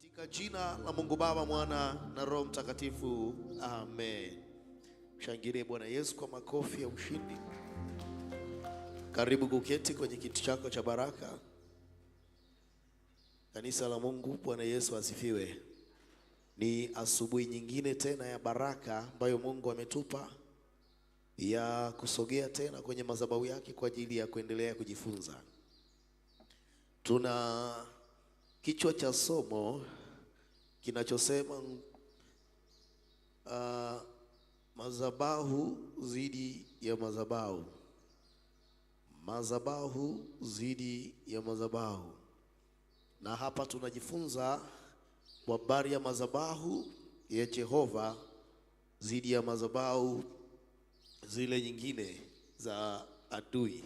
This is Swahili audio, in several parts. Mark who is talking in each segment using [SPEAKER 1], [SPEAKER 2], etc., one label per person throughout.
[SPEAKER 1] Katika jina la Mungu Baba, Mwana na Roho Mtakatifu, amen. Mshangilie Bwana Yesu kwa makofi ya ushindi. Karibu kuketi kwenye kiti chako cha baraka, kanisa la Mungu. Bwana Yesu asifiwe. Ni asubuhi nyingine tena ya baraka ambayo Mungu ametupa ya kusogea tena kwenye madhabahu yake kwa ajili ya kuendelea kujifunza. Tuna Kichwa cha somo kinachosema uh, madhabahu dhidi ya madhabahu, madhabahu dhidi ya madhabahu. Na hapa tunajifunza kwa habari ya madhabahu ya Jehova dhidi ya madhabahu zile nyingine za adui.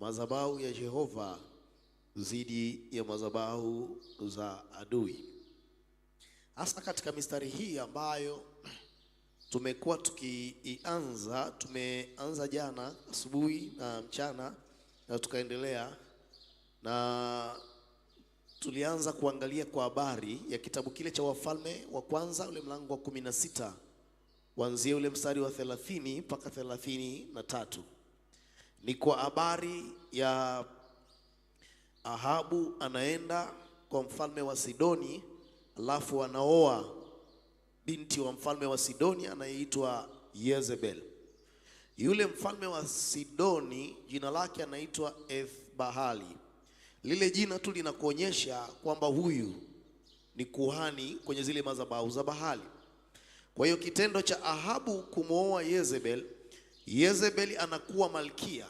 [SPEAKER 1] Madhabahu ya Jehova dhidi ya madhabahu za adui, hasa katika mistari hii ambayo tumekuwa tukianza. Tumeanza jana asubuhi na mchana na tukaendelea na tulianza kuangalia kwa habari ya kitabu kile cha Wafalme wa Kwanza, ule mlango wa kumi na sita kuanzia ule mstari wa thelathini mpaka thelathini na tatu ni kwa habari ya Ahabu anaenda kwa mfalme wa Sidoni, alafu anaoa binti wa mfalme wa Sidoni anayeitwa Yezebel. Yule mfalme wa Sidoni jina lake anaitwa Ethbahali. Lile jina tu linakuonyesha kwamba huyu ni kuhani kwenye zile madhabahu za Bahali. Kwa hiyo kitendo cha Ahabu kumwoa Yezebel, Yezebel anakuwa malkia,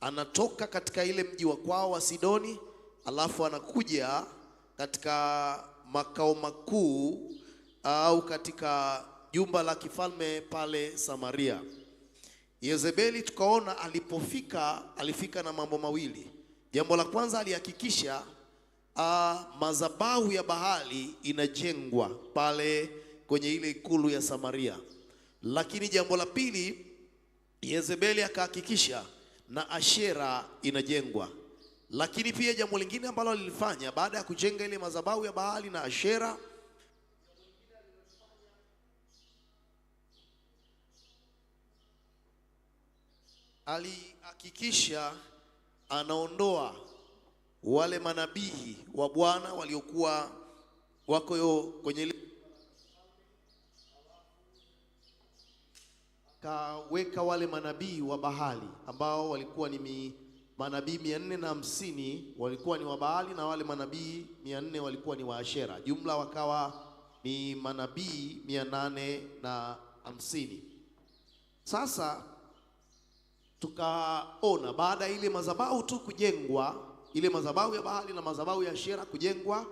[SPEAKER 1] anatoka katika ile mji wa kwao wa Sidoni alafu anakuja katika makao makuu au katika jumba la kifalme pale Samaria. Yezebeli tukaona alipofika, alifika na mambo mawili. Jambo la kwanza alihakikisha uh, madhabahu ya Baali inajengwa pale kwenye ile ikulu ya Samaria, lakini jambo la pili Yezebeli akahakikisha na Ashera inajengwa. Lakini pia jambo lingine ambalo alilifanya baada ya kujenga ile madhabahu ya Baali na Ashera alihakikisha anaondoa wale manabii wa Bwana waliokuwa wako kwenye kaweka wale manabii wa Bahali ambao walikuwa ni mi manabii mia nne na hamsini walikuwa ni Wabaali na wale manabii mia nne walikuwa ni Waashera, jumla wakawa ni manabii mia nane na hamsini. Sasa tukaona baada ya ile madhabahu tu kujengwa, ile madhabahu ya Baali na madhabahu ya Ashera kujengwa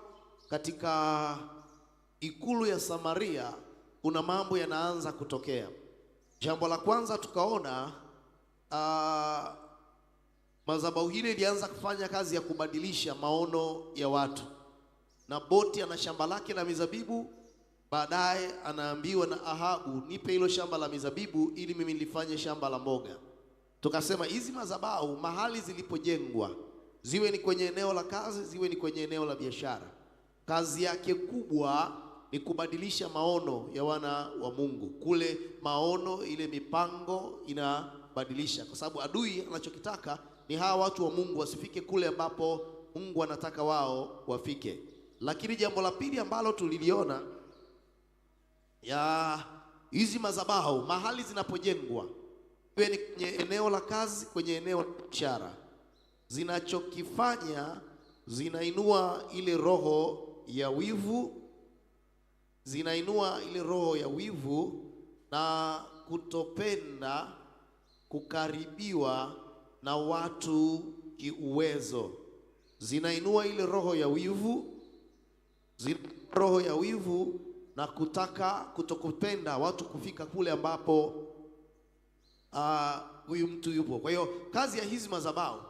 [SPEAKER 1] katika ikulu ya Samaria, kuna mambo yanaanza kutokea. Jambo la kwanza tukaona uh, Madhabahu hile ilianza kufanya kazi ya kubadilisha maono ya watu, na boti ana shamba lake la mizabibu. Baadaye anaambiwa na Ahabu, nipe hilo shamba la mizabibu ili mimi nilifanye shamba la mboga. Tukasema hizi madhabahu mahali zilipojengwa, ziwe ni kwenye eneo la kazi, ziwe ni kwenye eneo la biashara, kazi yake kubwa ni kubadilisha maono ya wana wa Mungu. Kule maono, ile mipango inabadilisha, kwa sababu adui anachokitaka ni hawa watu wa Mungu wasifike kule ambapo Mungu anataka wao wafike. Lakini jambo la pili ambalo tuliliona ya hizi madhabahu mahali zinapojengwa, iwe ni kwenye eneo la kazi, kwenye eneo la biashara, zinachokifanya zinainua ile roho ya wivu, zinainua ile roho ya wivu na kutopenda kukaribiwa na watu kiuwezo, zinainua ile roho ya wivu, roho ya wivu na kutaka kutokupenda watu kufika kule ambapo ah, huyu uh, mtu yupo. Kwa hiyo kazi ya hizi madhabahu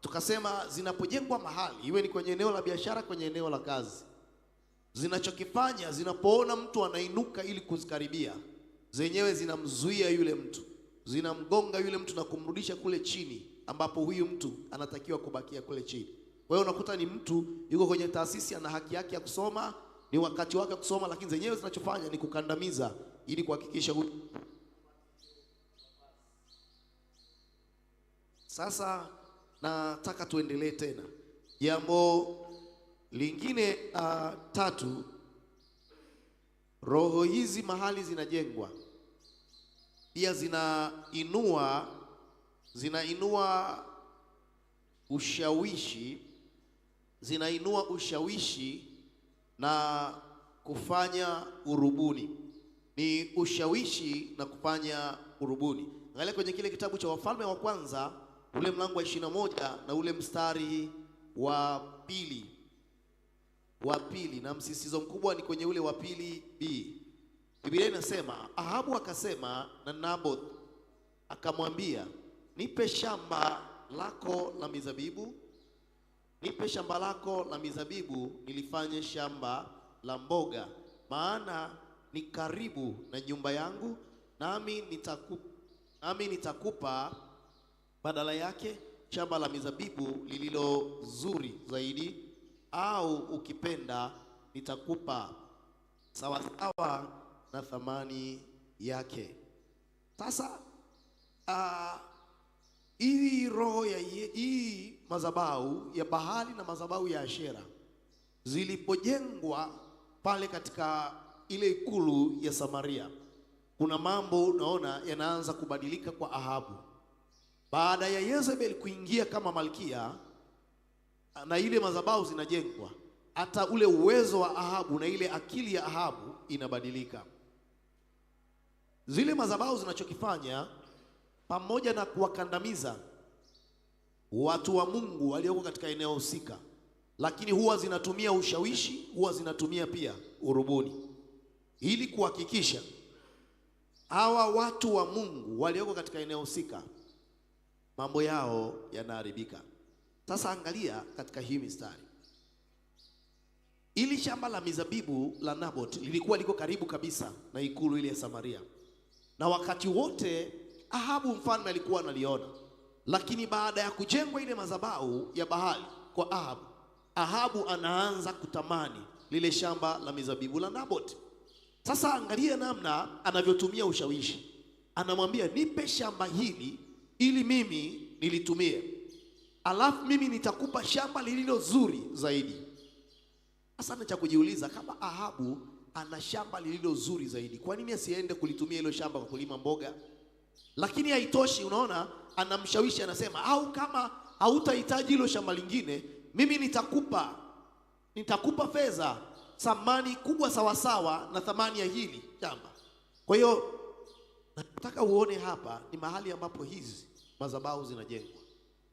[SPEAKER 1] tukasema zinapojengwa mahali, iwe ni kwenye eneo la biashara, kwenye eneo la kazi, zinachokifanya zinapoona mtu anainuka ili kuzikaribia, zenyewe zinamzuia yule mtu, zinamgonga yule mtu na kumrudisha kule chini ambapo huyu mtu anatakiwa kubakia kule chini. Kwa hiyo unakuta ni mtu yuko kwenye taasisi, ana haki yake ya kusoma, ni wakati wake kusoma, lakini zenyewe zinachofanya ni kukandamiza ili kuhakikisha huyu. Sasa nataka tuendelee tena jambo lingine uh, tatu. Roho hizi mahali zinajengwa pia zinainua zinainua ushawishi zinainua ushawishi na kufanya urubuni, ni ushawishi na kufanya urubuni. Angalia kwenye kile kitabu cha Wafalme wa Kwanza ule mlango wa ishirini na moja na ule mstari wa pili wa pili, na msisitizo mkubwa ni kwenye ule wa pili b. Biblia inasema Ahabu akasema na Naboth akamwambia nipe shamba lako la mizabibu, nipe shamba lako la mizabibu, nilifanye shamba la mboga, maana ni karibu na nyumba yangu, nami nitakupa, nami nitakupa badala yake shamba la mizabibu lililo zuri zaidi, au ukipenda nitakupa sawasawa na thamani yake. Sasa uh, hii roho ya hii madhabahu ya bahari na madhabahu ya Ashera zilipojengwa pale katika ile ikulu ya Samaria, kuna mambo unaona yanaanza kubadilika kwa Ahabu baada ya Yezebel kuingia kama malkia na ile madhabahu zinajengwa, hata ule uwezo wa Ahabu na ile akili ya Ahabu inabadilika. Zile madhabahu zinachokifanya pamoja na kuwakandamiza watu wa Mungu walioko katika eneo husika, lakini huwa zinatumia ushawishi, huwa zinatumia pia urubuni ili kuhakikisha hawa watu wa Mungu walioko katika eneo husika mambo yao yanaharibika. Sasa angalia katika hii mistari, ili shamba la mizabibu la Nabot lilikuwa liko karibu kabisa na ikulu ile ya Samaria, na wakati wote Ahabu mfalme alikuwa analiona, lakini baada ya kujengwa ile madhabahu ya Baali kwa Ahabu, Ahabu anaanza kutamani lile shamba la mizabibu la Nabot. Sasa angalia namna anavyotumia ushawishi, anamwambia nipe shamba hili ili mimi nilitumie, alafu mimi nitakupa shamba lililo zuri zaidi. Sasa ni cha kujiuliza kama Ahabu ana shamba lililo zuri zaidi, kwa nini asiende kulitumia hilo shamba kwa kulima mboga? Lakini haitoshi, unaona, anamshawishi anasema, au kama hautahitaji hilo shamba lingine, mimi nitakupa nitakupa fedha thamani kubwa sawasawa na thamani ya hili shamba. Kwa hiyo nataka uone hapa ni mahali ambapo hizi madhabahu zinajengwa,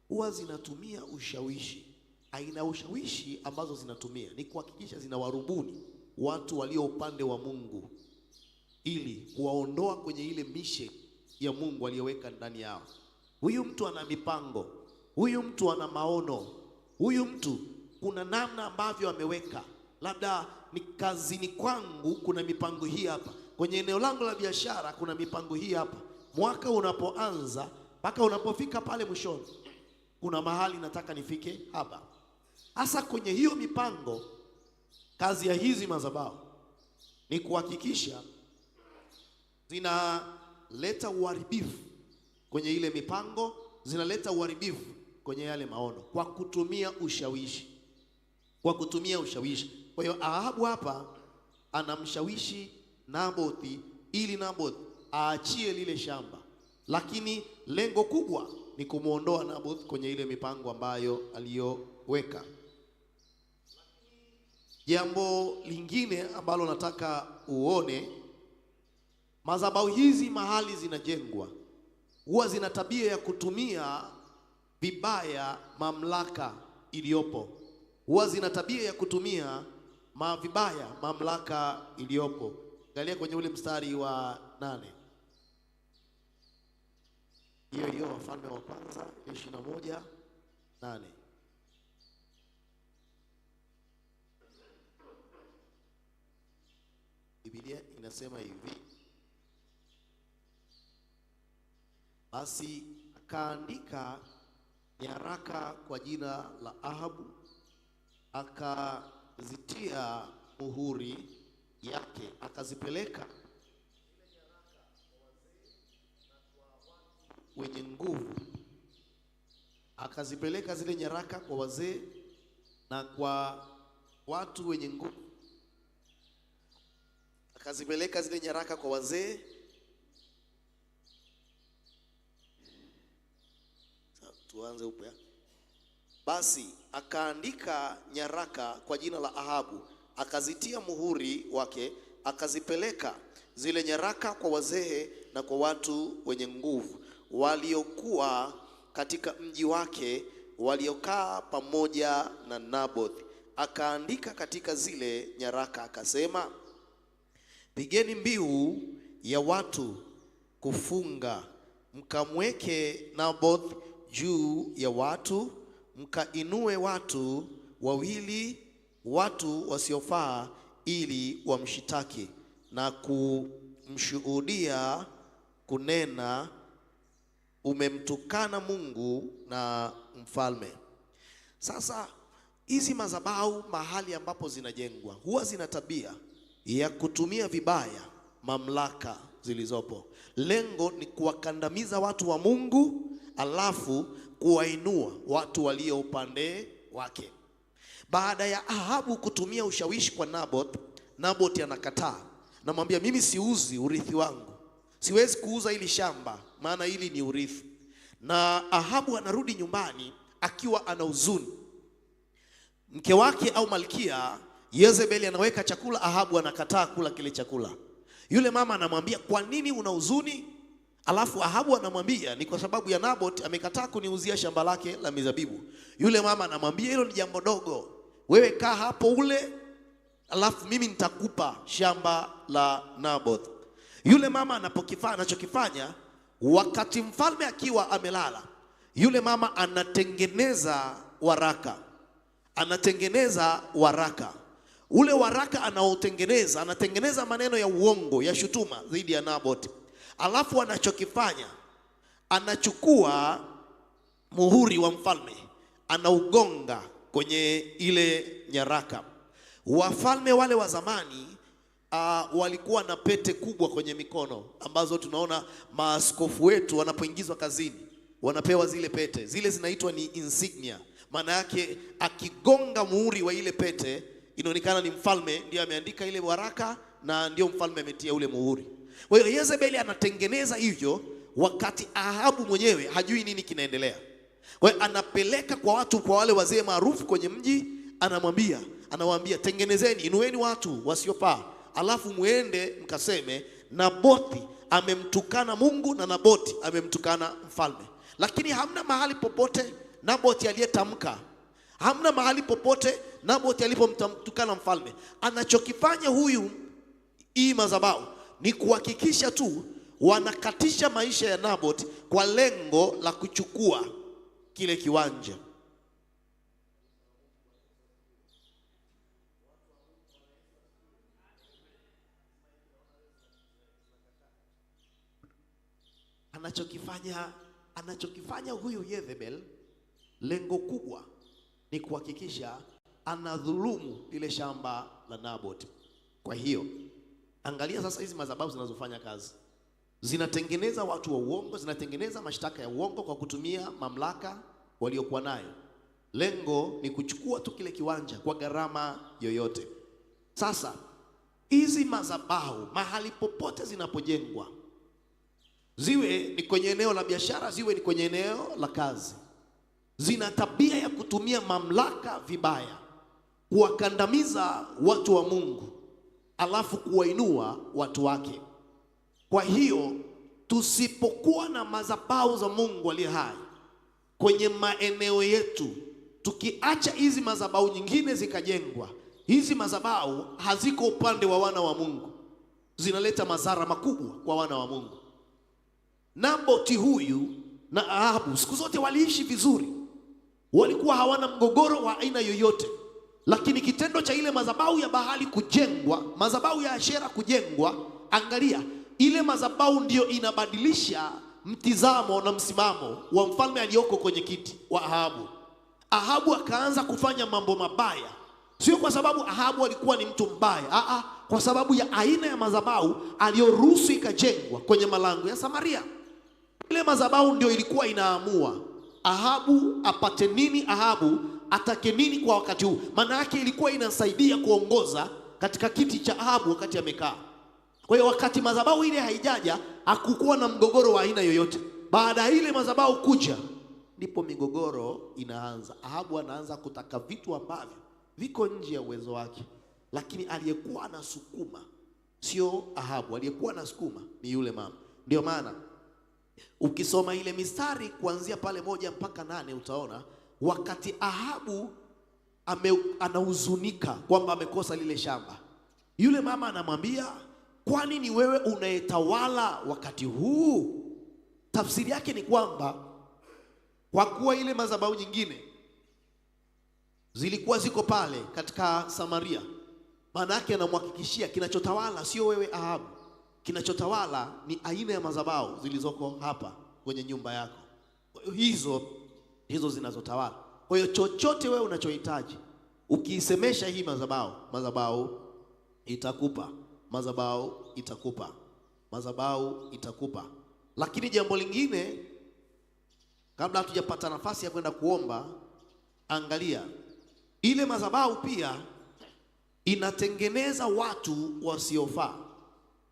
[SPEAKER 1] huwa zinatumia ushawishi. Aina ushawishi ambazo zinatumia ni kuhakikisha zinawarubuni watu walio upande wa Mungu ili kuwaondoa kwenye ile misheni ya Mungu aliyoweka ndani yao. Huyu mtu ana mipango, huyu mtu ana maono, huyu mtu kuna namna ambavyo ameweka, labda ni kazini kwangu kuna mipango hii hapa, kwenye eneo langu la biashara kuna mipango hii hapa. Mwaka unapoanza mpaka unapofika pale mwishoni, kuna mahali nataka nifike hapa hasa. Kwenye hiyo mipango, kazi ya hizi madhabahu ni kuhakikisha zina zinaleta uharibifu kwenye ile mipango, zinaleta uharibifu kwenye yale maono kwa kutumia ushawishi, kwa kutumia ushawishi. Kwa hiyo Ahabu hapa anamshawishi Nabothi ili Nabothi aachie lile shamba, lakini lengo kubwa ni kumwondoa Naboth kwenye ile mipango ambayo aliyoweka. Jambo lingine ambalo nataka uone Madhabahu hizi mahali zinajengwa huwa zina tabia ya kutumia vibaya mamlaka iliyopo, huwa zina tabia ya kutumia ma vibaya mamlaka iliyopo. Angalia kwenye ule mstari wa nane hiyo hiyo, Wafalme wa Kwanza ishirini na moja nane. Biblia inasema hivi Basi akaandika nyaraka kwa jina la Ahabu, akazitia muhuri yake, akazipeleka wenye nguvu, akazipeleka zile nyaraka kwa wazee na kwa watu wenye nguvu, akazipeleka zile nyaraka kwa wazee tuanze upya. Basi akaandika nyaraka kwa jina la Ahabu, akazitia muhuri wake, akazipeleka zile nyaraka kwa wazee na kwa watu wenye nguvu waliokuwa katika mji wake, waliokaa pamoja na Naboth. Akaandika katika zile nyaraka akasema, pigeni mbiu ya watu kufunga, mkamweke Naboth juu ya watu, mkainue watu wawili, watu wasiofaa, ili wamshitaki na kumshuhudia kunena, umemtukana Mungu na mfalme. Sasa hizi madhabahu mahali ambapo zinajengwa huwa zina tabia ya kutumia vibaya mamlaka zilizopo. Lengo ni kuwakandamiza watu wa Mungu alafu kuwainua watu walio upande wake. Baada ya Ahabu kutumia ushawishi kwa Naboth, Naboth anakataa, namwambia mimi siuzi urithi wangu, siwezi kuuza hili shamba, maana hili ni urithi. Na Ahabu anarudi nyumbani akiwa ana huzuni. Mke wake au malkia Yezebeli anaweka chakula, Ahabu anakataa kula kile chakula. Yule mama anamwambia, kwa nini una huzuni? Alafu Ahabu anamwambia ni kwa sababu ya Naboth amekataa kuniuzia shamba lake la mizabibu. Yule mama anamwambia hilo ni jambo dogo, wewe kaa hapo ule, alafu mimi nitakupa shamba la Naboth. Yule mama anapokifaa anachokifanya, wakati mfalme akiwa amelala, yule mama anatengeneza waraka, anatengeneza waraka ule waraka anaotengeneza, anatengeneza maneno ya uongo ya shutuma dhidi ya Naboth. Alafu anachokifanya anachukua muhuri wa mfalme anaugonga kwenye ile nyaraka. Wafalme wale wa zamani uh, walikuwa na pete kubwa kwenye mikono ambazo tunaona maaskofu wetu wanapoingizwa kazini wanapewa zile pete, zile zinaitwa ni insignia. Maana yake akigonga muhuri wa ile pete inaonekana ni mfalme, ndio ameandika ile waraka na ndio mfalme ametia ule muhuri. Kwa hiyo Yezebeli anatengeneza hivyo wakati Ahabu mwenyewe hajui nini kinaendelea. Kwa hiyo anapeleka kwa watu, kwa wale wazee maarufu kwenye mji, anamwambia anawaambia, tengenezeni, inueni watu wasiofaa, alafu muende mkaseme Nabothi amemtukana Mungu na Nabothi amemtukana mfalme. Lakini hamna mahali popote Nabothi aliyetamka, hamna mahali popote Nabothi alipomtukana mfalme. Anachokifanya huyu hii madhabahu ni kuhakikisha tu wanakatisha maisha ya Naboth kwa lengo la kuchukua kile kiwanja. Anachokifanya, anachokifanya huyu Yezebel, lengo kubwa ni kuhakikisha anadhulumu lile shamba la Naboth. Kwa hiyo Angalia sasa hizi madhabahu zinazofanya kazi, zinatengeneza watu wa uongo, zinatengeneza mashtaka ya uongo kwa kutumia mamlaka waliokuwa nayo. Lengo ni kuchukua tu kile kiwanja kwa gharama yoyote. Sasa hizi madhabahu mahali popote zinapojengwa, ziwe ni kwenye eneo la biashara, ziwe ni kwenye eneo la kazi, zina tabia ya kutumia mamlaka vibaya kuwakandamiza watu wa Mungu alafu kuwainua watu wake. Kwa hiyo tusipokuwa na madhabahu za Mungu aliye hai kwenye maeneo yetu, tukiacha hizi madhabahu nyingine zikajengwa, hizi madhabahu haziko upande wa wana wa Mungu, zinaleta madhara makubwa kwa wana wa Mungu. Naboti huyu na Ahabu siku zote waliishi vizuri, walikuwa hawana mgogoro wa aina yoyote. Lakini kitendo cha ile madhabahu ya bahali kujengwa, madhabahu ya Ashera kujengwa, angalia ile madhabahu ndiyo inabadilisha mtizamo na msimamo wa mfalme aliyoko kwenye kiti wa Ahabu. Ahabu akaanza kufanya mambo mabaya, sio kwa sababu Ahabu alikuwa ni mtu mbaya, aa, kwa sababu ya aina ya madhabahu aliyoruhusu ikajengwa kwenye malango ya Samaria. Ile madhabahu ndio ilikuwa inaamua Ahabu apate nini, Ahabu atake nini kwa wakati huu. Maana yake ilikuwa inasaidia kuongoza katika kiti cha Ahabu wakati amekaa. Kwa hiyo wakati madhabahu ile haijaja hakukuwa na mgogoro wa aina yoyote. Baada ya ile madhabahu kuja, ndipo migogoro inaanza. Ahabu anaanza kutaka vitu ambavyo viko nje ya uwezo wake, lakini aliyekuwa anasukuma sio Ahabu, aliyekuwa anasukuma ni yule mama. Ndio maana ukisoma ile mistari kuanzia pale moja mpaka nane utaona wakati Ahabu ame, anahuzunika kwamba amekosa lile shamba, yule mama anamwambia kwani ni wewe unayetawala wakati huu? Tafsiri yake ni kwamba kwa kuwa ile madhabahu nyingine zilikuwa ziko pale katika Samaria, maana yake anamhakikishia kinachotawala sio wewe Ahabu, kinachotawala ni aina ya madhabahu zilizoko hapa kwenye nyumba yako. Kwa hiyo hizo hizo zinazotawala. Kwa hiyo chochote wewe unachohitaji ukiisemesha hii madhabahu, madhabahu itakupa, madhabahu itakupa, madhabahu itakupa. Lakini jambo lingine, kabla hatujapata nafasi ya kwenda kuomba, angalia ile madhabahu pia inatengeneza watu wasiofaa.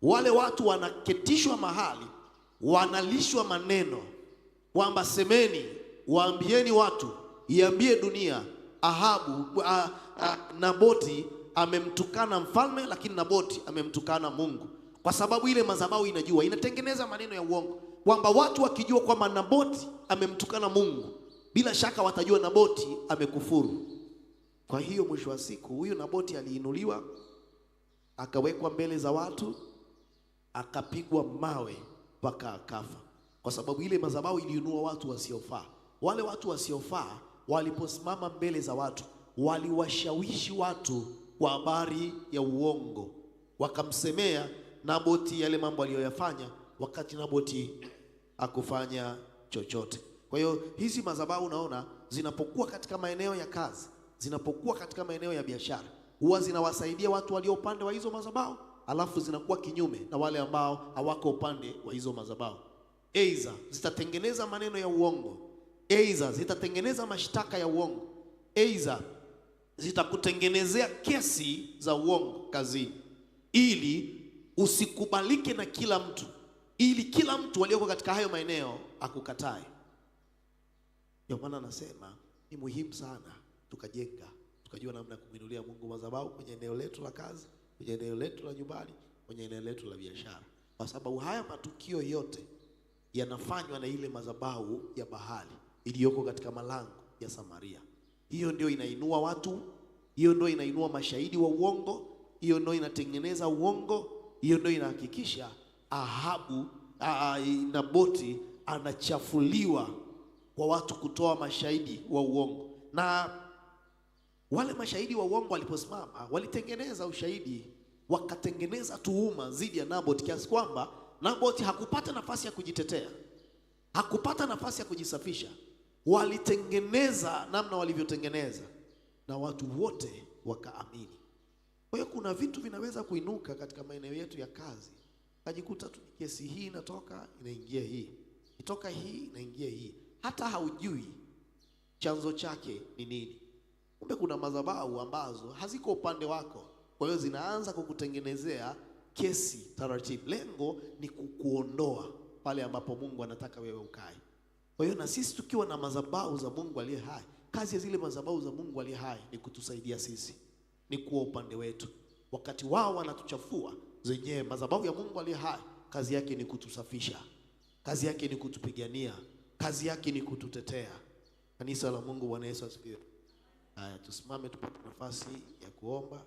[SPEAKER 1] Wale watu wanaketishwa mahali, wanalishwa maneno kwamba semeni waambieni watu, iambie dunia, Ahabu a, a, Naboti amemtukana mfalme, lakini Naboti amemtukana Mungu, kwa sababu ile madhabahu inajua, inatengeneza maneno ya uongo kwamba watu wakijua kwamba Naboti amemtukana Mungu, bila shaka watajua Naboti amekufuru. Kwa hiyo mwisho wa siku huyu Naboti aliinuliwa akawekwa mbele za watu akapigwa mawe mpaka akafa, kwa sababu ile madhabahu iliinua watu wasiofaa wale watu wasiofaa waliposimama mbele za watu waliwashawishi watu kwa habari ya uongo, wakamsemea Naboti yale mambo aliyoyafanya, wakati Naboti akufanya chochote. Kwa hiyo hizi madhabahu unaona zinapokuwa katika maeneo ya kazi, zinapokuwa katika maeneo ya biashara, huwa zinawasaidia watu walio upande wa hizo madhabahu, alafu zinakuwa kinyume na wale ambao hawako upande wa hizo madhabahu. Aidha zitatengeneza maneno ya uongo Aidha zitatengeneza mashtaka ya uongo, aidha zitakutengenezea kesi za uongo kazini, ili usikubalike na kila mtu, ili kila mtu aliyoko katika hayo maeneo akukatae. Ndio maana anasema ni muhimu sana tukajenga, tukajua namna ya kumwinulia Mungu madhabahu kwenye eneo letu la kazi, kwenye eneo letu la nyumbani, kwenye eneo letu la biashara, kwa sababu haya matukio yote yanafanywa na ile madhabahu ya bahari iliyoko katika malango ya Samaria. Hiyo ndio inainua watu, hiyo ndio inainua mashahidi wa uongo, hiyo ndio inatengeneza uongo, hiyo ndio inahakikisha Ahabu Naboti anachafuliwa kwa watu kutoa mashahidi wa uongo. Na wale mashahidi wa uongo waliposimama, walitengeneza ushahidi, wakatengeneza tuhuma dhidi ya Naboti kiasi kwamba Naboti hakupata nafasi ya kujitetea, hakupata nafasi ya kujisafisha walitengeneza namna walivyotengeneza na watu wote wakaamini. Kwa hiyo kuna vitu vinaweza kuinuka katika maeneo yetu ya kazi, kajikuta tu kesi hii inatoka inaingia hii itoka hii inaingia hii, hata haujui chanzo chake ni nini. Kumbe kuna madhabahu ambazo haziko upande wako, kwa hiyo zinaanza kukutengenezea kesi taratibu. Lengo ni kukuondoa pale ambapo Mungu anataka wewe ukae. Kwa hiyo na sisi tukiwa na madhabahu za Mungu aliye hai, kazi ya zile madhabahu za Mungu aliye hai ni kutusaidia sisi, ni kuwa upande wetu. Wakati wao wanatuchafua zenyewe, madhabahu ya Mungu aliye hai kazi yake ni kutusafisha, kazi yake ni kutupigania, kazi yake ni kututetea. Kanisa la Mungu, Bwana Yesu asifiwe. Haya, tusimame tupate nafasi ya kuomba.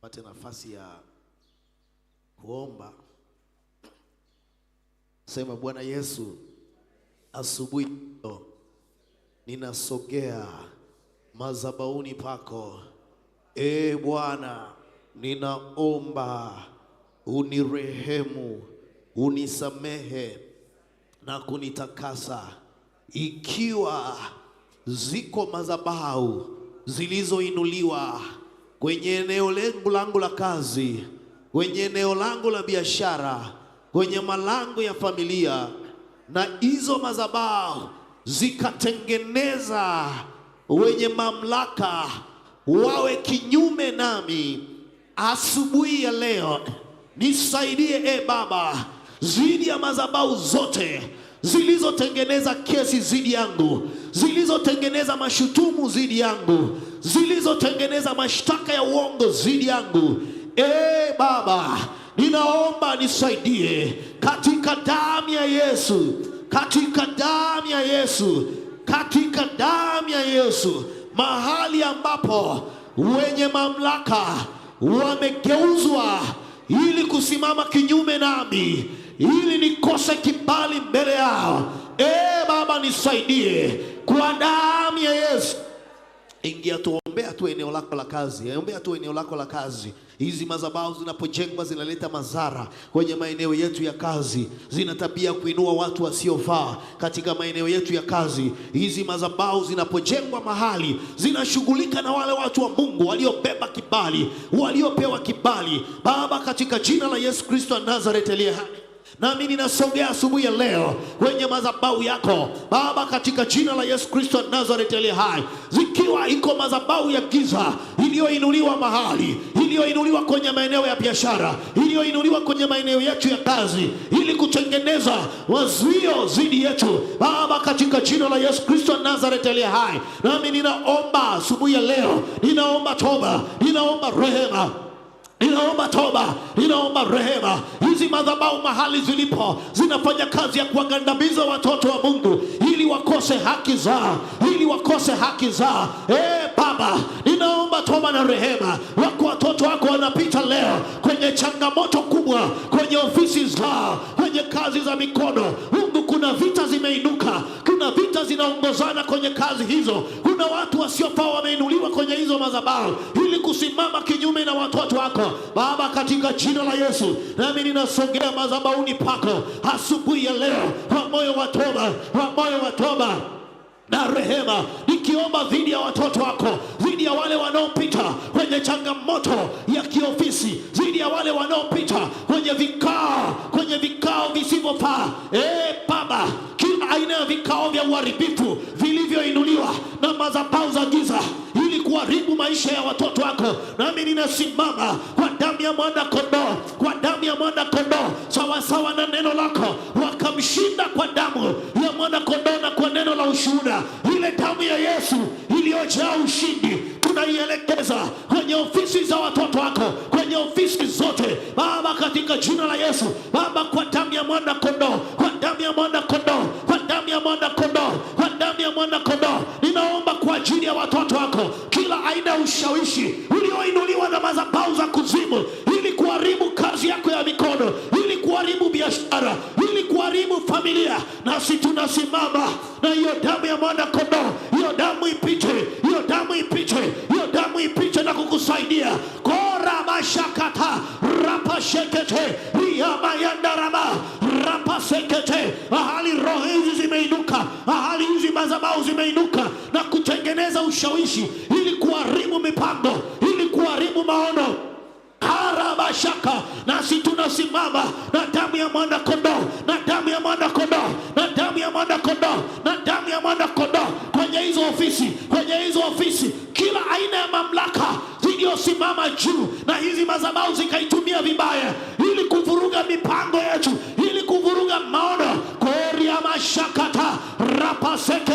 [SPEAKER 1] Pate nafasi ya kuomba. Sema, Bwana Yesu, asubuhi leo ninasogea madhabahuni pako, e Bwana, ninaomba unirehemu, unisamehe na kunitakasa, ikiwa ziko madhabahu zilizoinuliwa kwenye eneo langu la kazi kwenye eneo langu la biashara, kwenye malango ya familia, na hizo madhabahu zikatengeneza wenye mamlaka wawe kinyume nami. Asubuhi ya leo nisaidie, e Baba, zidi ya madhabahu zote zilizotengeneza kesi zidi yangu, zilizotengeneza mashutumu dhidi yangu, zilizotengeneza mashtaka ya uongo dhidi yangu Ee Baba, ninaomba nisaidie katika damu ya Yesu, katika damu ya Yesu, katika damu ya Yesu, mahali ambapo wenye mamlaka wamegeuzwa ili kusimama kinyume nami, ili nikose kibali mbele yao. Ee Baba, nisaidie kwa damu ya Yesu. Ingia tuombea tu eneo lako la kazi, eh, ombea tu eneo lako la kazi. Hizi mazabau zinapojengwa zinaleta mazara kwenye maeneo yetu ya kazi, zina tabia kuinua watu wasiofaa katika maeneo yetu ya kazi. Hizi mazabau zinapojengwa mahali zinashughulika na wale watu wa Mungu waliobeba kibali, waliopewa kibali. Baba, katika jina la Yesu Kristo wa Nazareti aliye hai Nami ninasogea asubuhi ya leo kwenye madhabahu yako Baba, katika jina la Yesu Kristo Nazareti aliye hai, zikiwa iko madhabahu ya giza iliyoinuliwa mahali, iliyoinuliwa kwenye maeneo ya biashara, iliyoinuliwa kwenye maeneo yetu ya kazi, ili kutengeneza wazio zidi yetu Baba, katika jina la Yesu Kristo Nazareti aliye hai, nami ninaomba asubuhi ya leo, ninaomba toba, ninaomba rehema inaomba toba, inaomba rehema. Hizi madhabahu mahali zilipo zinafanya kazi ya kuwagandamiza watoto wa Mungu ili wakose haki zao, ili wakose haki zao. E Baba, ninaomba toba na rehema. Wako watoto wako wanapita leo kwenye changamoto kubwa, kwenye ofisi zao, kwenye kazi za mikono. Mungu, kuna vita zimeinuka kuna vita zinaongozana kwenye kazi hizo, kuna watu wasiofaa wameinuliwa kwenye hizo madhabahu ili kusimama kinyume na watoto wako Baba, katika jina la Yesu. Nami ninasogea madhabahuni pako asubuhi ya leo kwa moyo wa toba, kwa moyo wa toba na rehema nikiomba dhidi ya watoto wako, dhidi ya wale wanaopita kwenye changamoto ya kiofisi, dhidi ya wale wanaopita kwenye vikao, kwenye vikao visivyofaa. Ee Baba, kila aina vikao vya uharibifu vilivyoinuliwa na madhabahu za giza ili kuharibu maisha ya watoto wako, nami ninasimama kwa damu ya mwana kondoo, kwa damu ya mwana kondoo, sawasawa na neno lako. Wakamshinda kwa damu ya mwana kondoo na kwa neno la ushuhuda. Ile damu ya Yesu iliyojaa ushindi tunaielekeza kwenye ofisi za watoto wako, kwenye ofisi zote Baba, katika jina la Yesu. Baba, kwa damu ya mwana kondoo, kwa damu ya mwana kondoo, kwa damu ya mwana kondoo, kwa damu ya mwana kondoo, ninaomba kwa ajili ya watoto wako, kila aina ya ushawishi ulioinuliwa na madhabahu za kuzimu ili kuharibu kazi yako ya mikono, ili kuharibu biashara, ili kuharibu familia, nasi tunasimama na hiyo damu ya mwana kondoo, hiyo damu ipite, hiyo damu ipite kukusaidia korabashakata rapashekete rapa rapasekete. Ahali roho hizi zimeinuka, ahali hizi madhabahu zimeinuka na kutengeneza ushawishi ili kuharibu mipango, ili kuharibu maono shaka. Nasi tunasimama na damu ya mwana kondoo, na damu ya mwana kondoo, na damu ya mwana kondoo, na damu ya mwana kondoo kwenye hizo ofisi, kwenye hizo ofisi, kila aina ya mamlaka iliyosimama juu na hizi madhabahu zikaitumia vibaya, ili kuvuruga mipango yetu, ili kuvuruga maono koria mashakata rapaseke